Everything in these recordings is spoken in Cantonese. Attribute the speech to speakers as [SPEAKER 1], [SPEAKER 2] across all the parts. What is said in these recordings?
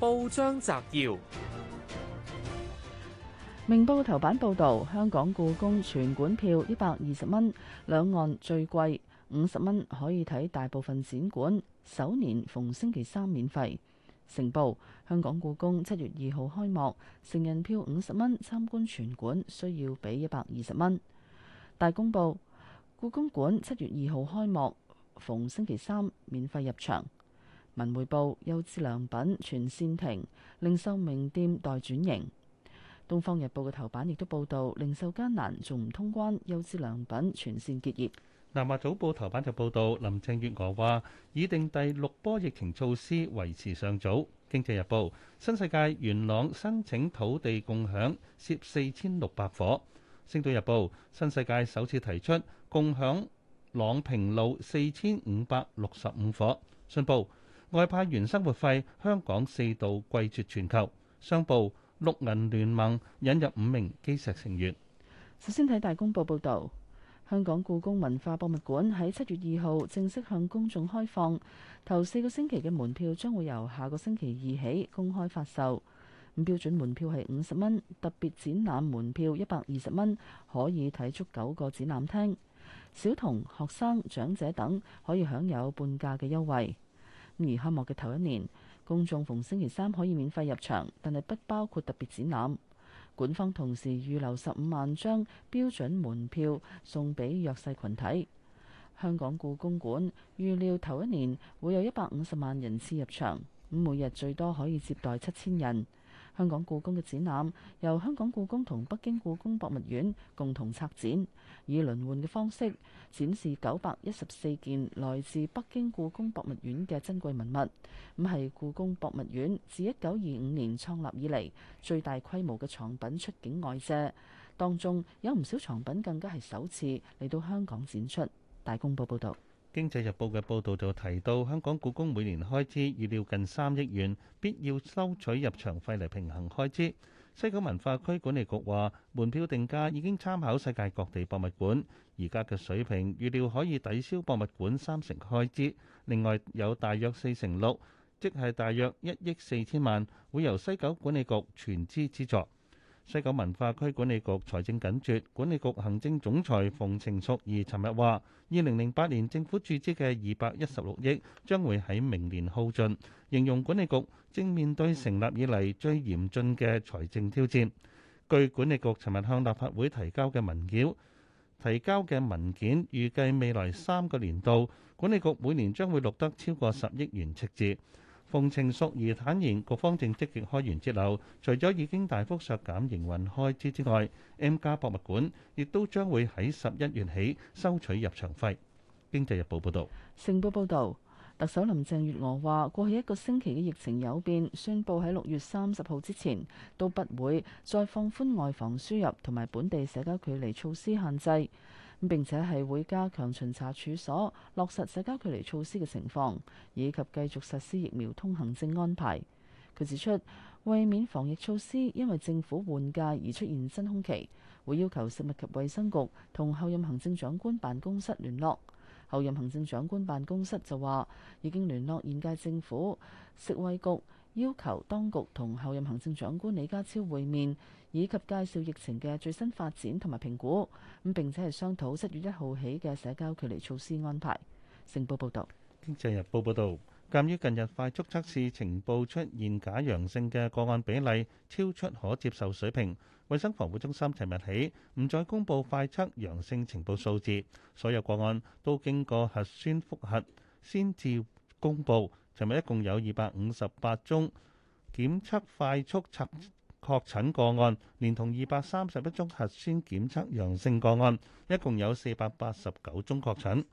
[SPEAKER 1] 報章摘要：明報頭版報道，香港故宮全館票一百二十蚊，兩岸最貴五十蚊可以睇大部分展館，首年逢星期三免費。成報：香港故宮七月二號開幕，成人票五十蚊，參觀全館需要俾一百二十蚊。大公報：故宮館七月二號開幕，逢星期三免費入場。文匯報、優之良品全線停，零售名店待轉型。東方日報嘅頭版亦都報道零售艱難，仲唔通關？優之良品全線結業。
[SPEAKER 2] 南華早報頭版就報道林鄭月娥話已定第六波疫情措施，維持尚早。經濟日報新世界元朗申請土地共享涉四千六百伙。星島日報新世界首次提出共享朗平路四千五百六十五伙。信報外派員生活費，香港四度貴絕全球。商報綠銀聯盟引入五名基石成員。
[SPEAKER 1] 首先睇大公報報導，香港故宮文化博物館喺七月二號正式向公眾開放，頭四個星期嘅門票將會由下個星期二起公開發售。咁標準門票係五十蚊，特別展覽門票一百二十蚊，可以睇足九個展覽廳。小童、學生、長者等可以享有半價嘅優惠。而開幕嘅頭一年，公眾逢星期三可以免費入場，但係不包括特別展覽。館方同時預留十五萬張標準門票送俾弱勢群體。香港故宮館預料頭一年會有一百五十萬人次入場，每日最多可以接待七千人。香港故宮嘅展覽由香港故宮同北京故宮博物院共同策展，以輪換嘅方式展示九百一十四件來自北京故宮博物院嘅珍貴文物。咁係故宮博物院自一九二五年創立以嚟最大規模嘅藏品出境外借，當中有唔少藏品更加係首次嚟到香港展出。大公報報道。
[SPEAKER 2] 經濟日報嘅報導就提到，香港故宮每年開支預料近三億元，必要收取入場費嚟平衡開支。西九文化區管理局話，門票定價已經參考世界各地博物館，而家嘅水平預料可以抵消博物館三成開支，另外有大約四成六，即係大約一億四千萬，會由西九管理局全資資助。西九文化區管理局財政緊絀，管理局行政總裁馮程淑儀尋日話：二零零八年政府注資嘅二百一十六億將會喺明年耗盡，形容管理局正面對成立以嚟最嚴峻嘅財政挑戰。據管理局尋日向立法會提交嘅文件，提交嘅文件預計未來三個年度，管理局每年將會錄得超過十億元赤字。馮程淑儀坦言，各方正積極開源節流，除咗已經大幅削減營運開支之外，M+ 博物館亦都將會喺十一月起收取入場費。經濟日報報導，
[SPEAKER 1] 成報報導，特首林鄭月娥話：過去一個星期嘅疫情有變，宣布喺六月三十號之前都不會再放寬外防輸入同埋本地社交距離措施限制。咁並且係會加強巡查處所，落實社交距離措施嘅情況，以及繼續實施疫苗通行證安排。佢指出，為免防疫措施因為政府換屆而出現真空期，會要求食物及衛生局同候任行政長官辦公室聯絡。後任行政長官辦公室就話，已經聯絡現屆政府食衛局，要求當局同候任行政長官李家超會面，以及介紹疫情嘅最新發展同埋評估，咁並且係商討七月一號起嘅社交距離措施安排。成報報道。
[SPEAKER 2] 經濟日報報導。鑒於近日快速測試呈報出現假陽性嘅個案比例超出可接受水平，衞生防護中心尋日起唔再公佈快測陽性呈報數字，所有個案都經過核酸複核先至公佈。尋日一共有二百五十八宗檢測快速測確診個案，連同二百三十一宗核酸檢測陽性個案，一共有四百八十九宗確診。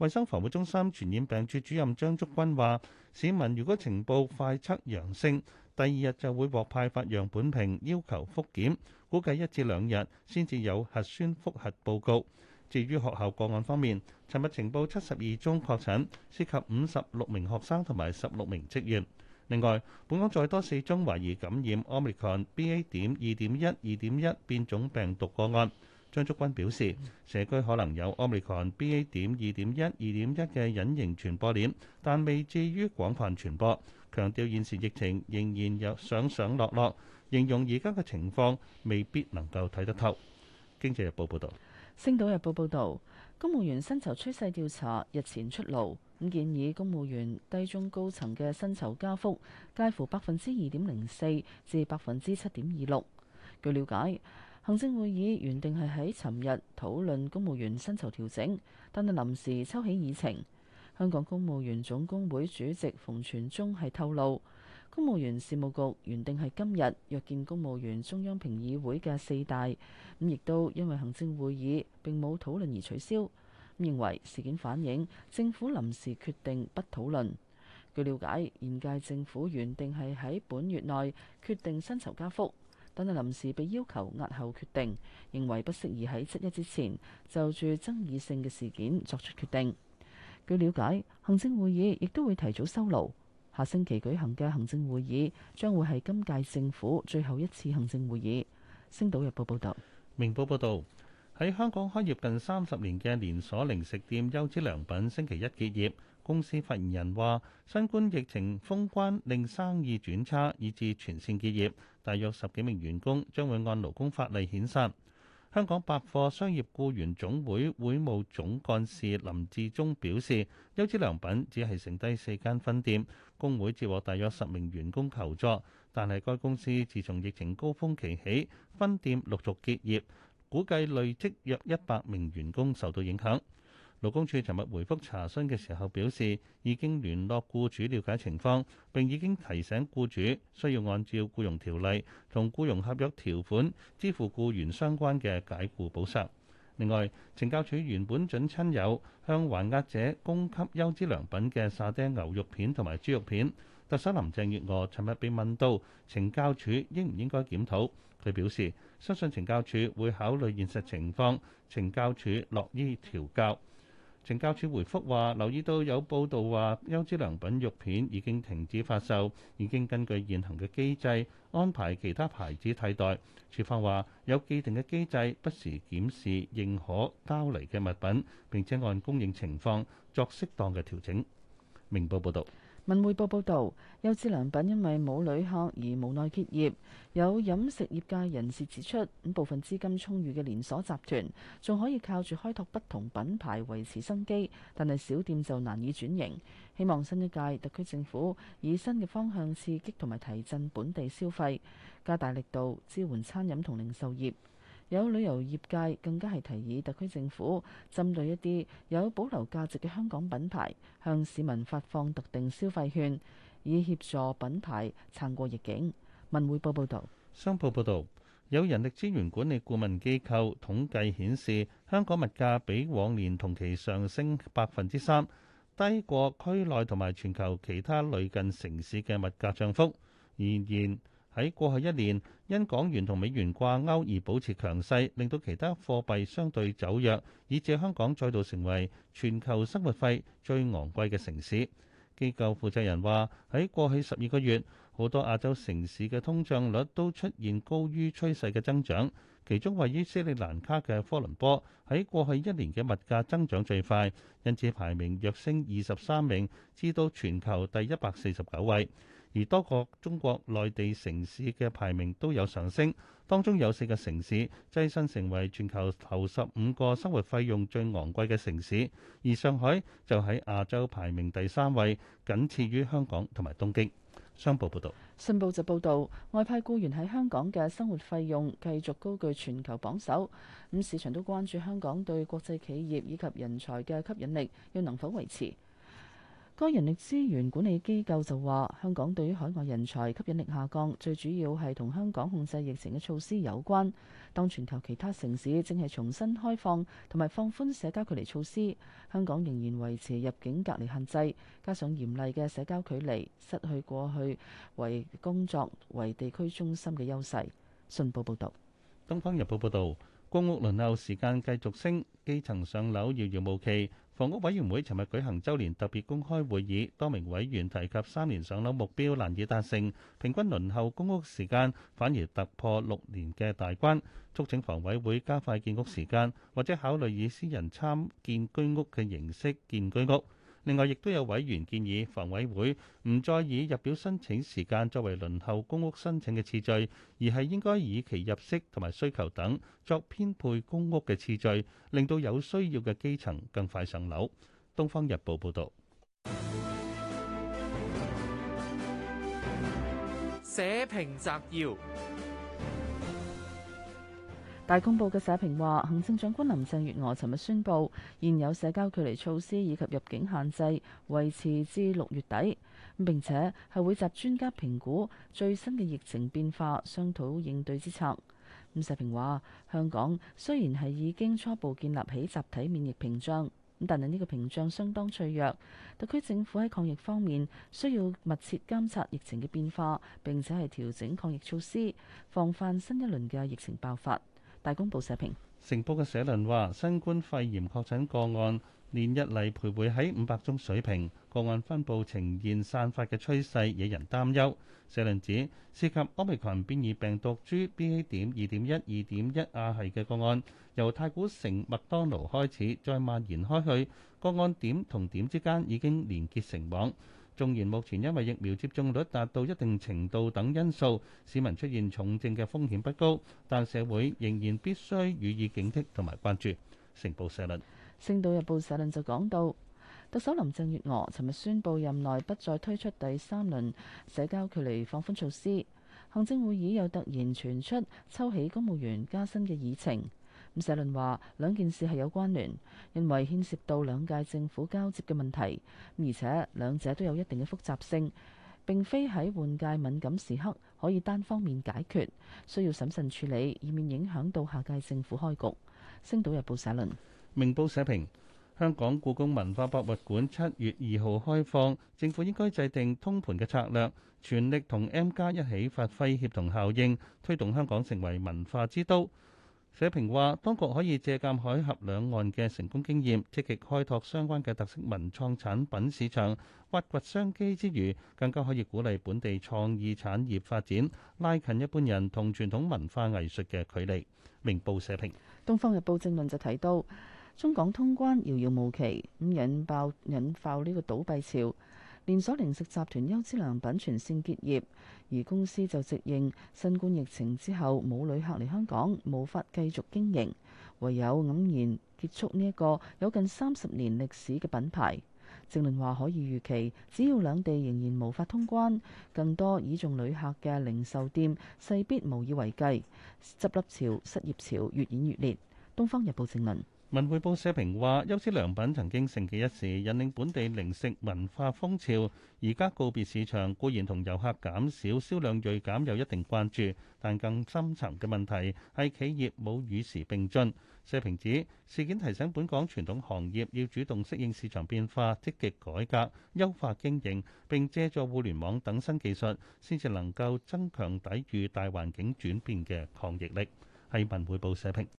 [SPEAKER 2] 衛生防護中心傳染病處主任張竹君話，市民如果呈報快測陽性第二日就會獲派發樣本瓶，要求復檢，估計一至兩日先至有核酸複核報告。至於學校個案方面，尋日呈報七十二宗確診，涉及五十六名學生同埋十六名職員。另外，本港再多四宗懷疑感染 Omicron BA.2.12.1 變種病毒個案。張竹君表示，社區可能有 OmicronBA 點二點一、二點一嘅隱形傳播鏈，但未至於廣泛傳播。強調現時疫情仍然有上上落落，形容而家嘅情況未必能夠睇得透。經濟日報報
[SPEAKER 1] 導，《星島日報》報導，公務員薪酬趨勢調查日前出爐，咁建議公務員低中高層嘅薪酬加幅介乎百分之二點零四至百分之七點二六。據了解。行政會議原定係喺尋日討論公務員薪酬調整，但係臨時抽起議程。香港公務員總工會主席馮傳宗係透露，公務員事務局原定係今日約見公務員中央評議會嘅四大，咁亦都因為行政會議並冇討論而取消。認為事件反映政府臨時決定不討論。據了解，現屆政府原定係喺本月內決定薪酬加幅。等係臨時被要求押後決定，認為不適宜喺七一之前就住爭議性嘅事件作出決定。據瞭解，行政會議亦都會提早收爐。下星期舉行嘅行政會議將會係今屆政府最後一次行政會議。星島日報報導。明報報
[SPEAKER 2] 導，喺香港開業近三十年嘅連鎖零食店優之良品星期一結業。公司發言人話新冠疫情封關令生意轉差，以致全綫結業，大約十幾名員工將會按勞工法例遣散。香港百貨商業僱員總會會務總幹事林志忠表示，優之良品只係剩低四間分店，工會接獲大約十名員工求助，但係該公司自從疫情高峰期起，分店陸續結業，估計累積約一百名員工受到影響。勞工處尋日回覆查詢嘅時候表示，已經聯絡僱主了解情況，並已經提醒僱主需要按照僱傭條例同僱傭合約條款支付僱員相關嘅解僱補償。另外，懲教處原本準親友向還押者供給優質良品嘅沙爹牛肉片同埋豬肉片。特首林鄭月娥尋日被問到懲教處應唔應該檢討，佢表示相信懲教處會考慮現實情況，懲教處樂於調教。懲教處回覆話：留意到有報道話優之良品肉片已經停止發售，已經根據現行嘅機制安排其他牌子替代。處方話有既定嘅機制，不時檢視認可交嚟嘅物品，並且按供應情況作適當嘅調整。明報報道。
[SPEAKER 1] 文匯報報道，優質良品因為冇旅客而無奈結業。有飲食業界人士指出，咁部分資金充裕嘅連鎖集團仲可以靠住開拓不同品牌維持生機，但係小店就難以轉型。希望新一屆特區政府以新嘅方向刺激同埋提振本地消費，加大力度支援餐飲同零售業。有旅遊業界更加係提議特區政府針對一啲有保留價值嘅香港品牌，向市民發放特定消費券，以協助品牌撐過逆境。文匯報報導。
[SPEAKER 2] 商報報導，有人力資源管理顧問機構統計顯示，香港物價比往年同期上升百分之三，低過區內同埋全球其他類近城市嘅物價漲幅。然而喺過去一年，因港元同美元掛鈎而保持強勢，令到其他貨幣相對走弱，以致香港再度成為全球生活費最昂貴嘅城市。機構負責人話：喺過去十二個月，好多亞洲城市嘅通脹率都出現高於趨勢嘅增長，其中位於斯里蘭卡嘅科倫坡喺過去一年嘅物價增長最快，因此排名躍升二十三名，至到全球第一百四十九位。而多個中國內地城市嘅排名都有上升，當中有四個城市躋身成為全球頭十五個生活費用最昂貴嘅城市，而上海就喺亞洲排名第三位，僅次於香港同埋東京。商報報道。
[SPEAKER 1] 信報就報導，外派僱員喺香港嘅生活費用繼續高居全球榜首，咁市場都關注香港對國際企業以及人才嘅吸引力又能否維持。該人力資源管理機構就話：香港對於海外人才吸引力下降，最主要係同香港控制疫情嘅措施有關。當全球其他城市正係重新開放同埋放寬社交距離措施，香港仍然維持入境隔離限制，加上嚴厲嘅社交距離，失去過去為工作為地區中心嘅優勢。信報報道。
[SPEAKER 2] 《東方日報》報道，公屋輪候時間繼續升，基層上樓遙遙無期。房屋委員會尋日舉行周年特別公開會議，多名委員提及三年上樓目標難以達成，平均輪候公屋時間反而突破六年嘅大關，促請房委會加快建屋時間，或者考慮以私人參建居屋嘅形式建居屋。另外，亦都有委員建議房委會唔再以入表申請時間作為輪候公屋申請嘅次序，而係應該以其入息同埋需求等作編配公屋嘅次序，令到有需要嘅基層更快上樓。《東方日報》報道：
[SPEAKER 1] 社評
[SPEAKER 2] 摘要。
[SPEAKER 1] 大公報嘅社評話，行政長官林鄭月娥尋日宣布，現有社交距離措施以及入境限制維持至六月底，咁並且係會集專家評估最新嘅疫情變化，商討應對之策。咁社評話，香港雖然係已經初步建立起集體免疫屏障，但係呢個屏障相當脆弱，特區政府喺抗疫方面需要密切監察疫情嘅變化，並且係調整抗疫措施，防範新一輪嘅疫情爆發。大公報社評。成報嘅社
[SPEAKER 2] 論話：新冠肺炎確診個案連日嚟徘徊喺五百宗水平，個案分佈呈現散發嘅趨勢，惹人擔憂。社論指涉及 Omicron 變異病毒株 BA 點二點一二點一亞系嘅個案，由太古城麥當勞開始，再蔓延開去，個案點同點之間已經連結成網。縱然目前因為疫苗接種率達到一定程度等因素，市民出現重症嘅風險不高，但社會仍然必須予以警惕同埋關注。成報社論，
[SPEAKER 1] 《星島日報》社論就講到，特首林鄭月娥尋日宣布任內不再推出第三輪社交距離放寬措施，行政會議又突然傳出抽起公務員加薪嘅議程。社論話兩件事係有關聯，因為牽涉到兩屆政府交接嘅問題，而且兩者都有一定嘅複雜性，並非喺換屆敏感時刻可以單方面解決，需要審慎處理，以免影響到下屆政府開局。星島日報社論，明報社評：
[SPEAKER 2] 香港故宮文化博物館七月二號開放，政府應該制定通盤嘅策略，全力同 M+ 一起發揮協同效應，推動香港成為文化之都。社評話：當局可以借鑑海峽兩岸嘅成功經驗，積極開拓相關嘅特色文創產品市場，挖掘商機之餘，更加可以鼓勵本地創意產業發展，拉近一般人同傳統文化藝術嘅距離。明報社評，
[SPEAKER 1] 《東方日報正論》就提到，中港通關遙遙無期，咁引爆引爆呢個倒閉潮。連鎖零食集團優之良品全線結業，而公司就直認新冠疫情之後冇旅客嚟香港，無法繼續經營，唯有黯然結束呢一個有近三十年歷史嘅品牌。正論話可以預期，只要兩地仍然無法通關，更多倚重旅客嘅零售店勢必無以為繼，執笠潮、失業潮越演越烈。東方日報正論。
[SPEAKER 2] 文匯報社評話：優質良品曾經盛極一時，引領本地零食文化風潮，而家告別市場固然同遊客減少、銷量鋭減有一定關注，但更深層嘅問題係企業冇與時並進。社評指事件提醒本港傳統行業要主動適應市場變化，積極改革、優化經營，並藉助互聯網等新技術，先至能夠增強抵禦大環境轉變嘅抗逆力。係文匯報社評。